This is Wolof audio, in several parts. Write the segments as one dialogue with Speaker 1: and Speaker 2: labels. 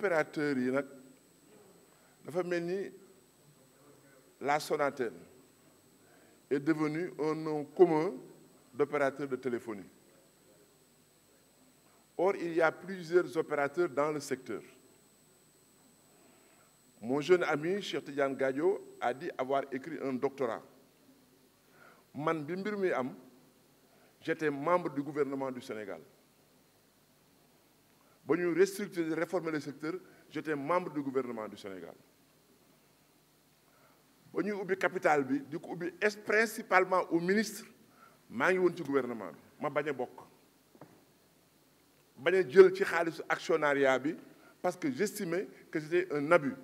Speaker 1: L'opérateur yi nak dafa la est devenu un nom commun d'opérateur de téléphonie. Or, il y a plusieurs opérateurs dans le secteur. Mon jeune ami, Cheikh Tidiane a dit avoir écrit un doctorat. Man j'étais membre du gouvernement du Sénégal ba ñu restructurer réformer le secteur j'étais membre du gouvernement du Sénégal ba ñuy capital bi di est principalement au ministre je suis woon gouvernement Je suis bok, a bokk actionnariat parce que j'estimais que c'était un abus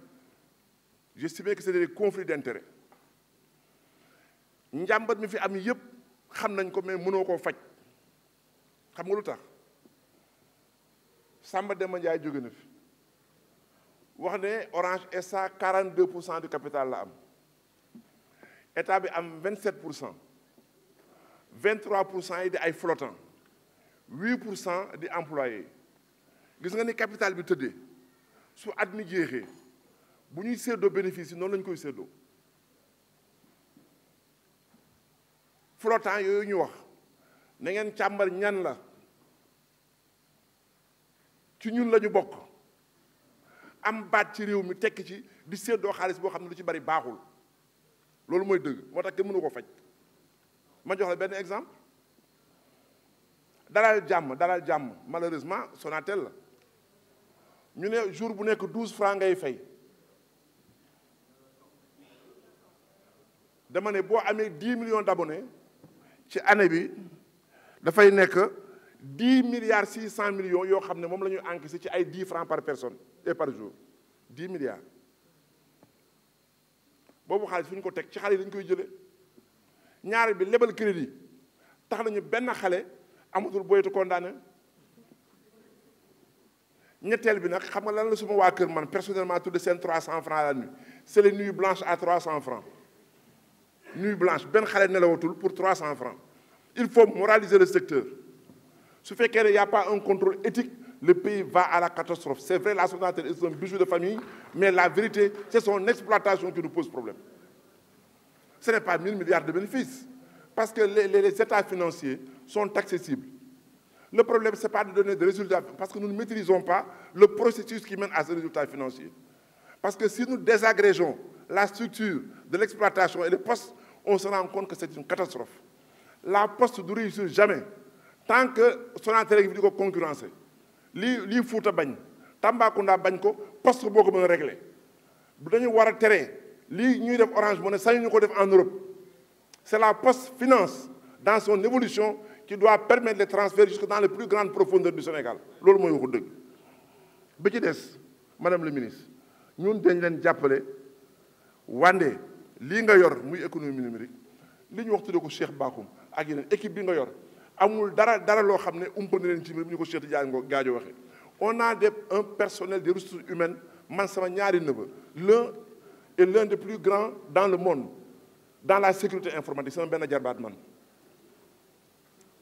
Speaker 1: j'estimais que c'était des conflits d'intérêts Nous mi fi am yépp xam nañ ko mais mënoo koo faj xam nga Samba Demba Ndiaye jóge na Orange SA 42 du capital la am état 27 23 est flottant 8 est employés. di vous gis nga capital bi tëddee su at mi jeexee bu bénéfice yi noonu flottant Vous ñu wax na ci ñun la nous bokk am baat ci réew mi tekki ci di séddoo xaalis boo xam ne lu ci bari baaxul loolu mooy dëgg moo tax kenn mënu ko la exemple dalal jàmm malheureusement Sonatel la ne jour bu francs ngay fay dama ne boo amee 10 millions d'abonnés ci année bi dafay 10 milliards 600 millions yo savez, ne lañu francs par personne et par jour 10 milliards bobu vous fuñ ko tek ci xale dañ koy jëlé ñaar bi lebal crédit tax nañu condamné bi xam nga lan la suma man personnellement tout de vous francs la nuit c'est les nuits blanches à 300 francs nuit blanche vous xalé nelawatul pour 300 francs il faut moraliser le secteur ce fait qu'il n'y a pas un contrôle éthique le pays va à la catastrophe C'est vrai la société est un bijou de famille mais la vérité c'est son exploitation qui nous pose problème ce n'est pas 1000 milliards de bénéfices parce que les, états financiers sont accessibles le problème ce n'est pas de donner des résultats parce que nous ne maîtrisons pas le processus qui mène à ces résultats financiers parce que si nous désagrégeons la structure de l'exploitation et les postes on se rend compte que c'est une catastrophe la poste ne réussit jamais tant que son intérêt est le concurrencer qui est le bañ Tambacounda le poste boo ko mën réglé bu dañu war a tere ñuy Orange Money sañu ko en Europe c'est la Poste Finance dans son évolution qui doit permettre les transferts jusque dans les plus grandes profondeurs du Sénégal C'est ce que je bi ci madame le ministre ñun dañ leen jàppale wande lii nga yor muy économie numérique li ñu wax tuddee ko Cheikh Bakoum, ak équipe bi nga amul dara dara lo xam ne ump na ci ñu ko Cheikh waxe on a des un personnel de ressources humaines man sama ñaari l'un est l'un des plus grands dans le monde dans la sécurité informatique sama ben jarbaat man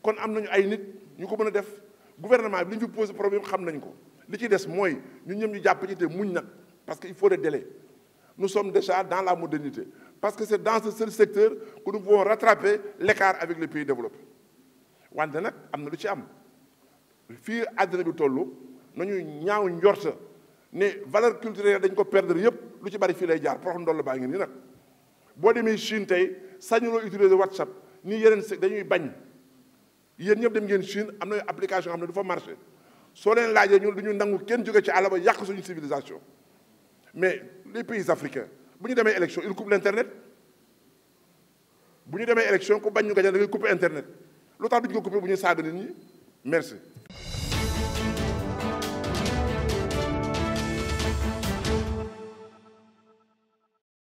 Speaker 1: kon am nañu ay nit ñu ko mën def gouvernement bi li ñu posé problème xam nañ ko li ci dess moy ñun ñëm ñu japp ci té muñ nak parce qu'il faut des délais nous sommes déjà dans la modernité parce que c'est dans ce seul secteur que nous pouvons rattraper l'écart avec les pays développés wante nag am na lu ci am fii àddina bi toll nañu ñaaw njorta ne valeur culturelle dañ ko perdre yépp lu ci bari fii lay jaar prox ndoll baa ngi nii nag boo demee Chine tey sañuloo utiliser WhatsApp ni yeneen se dañuy bañ yéen ñëpp dem ngeen Chine am na application xam ne du fa marché soo leen laajee ñu duñu ñu nangu kenn jóge ci àll ba yàq suñu civilisation mais les pays africains bu ñu demee élection il coupe l' internet bu ñu demee élection ku bañ ñu gañe da ngay couper internet L'autre dit que vous pouvez vous dire, c'est Merci.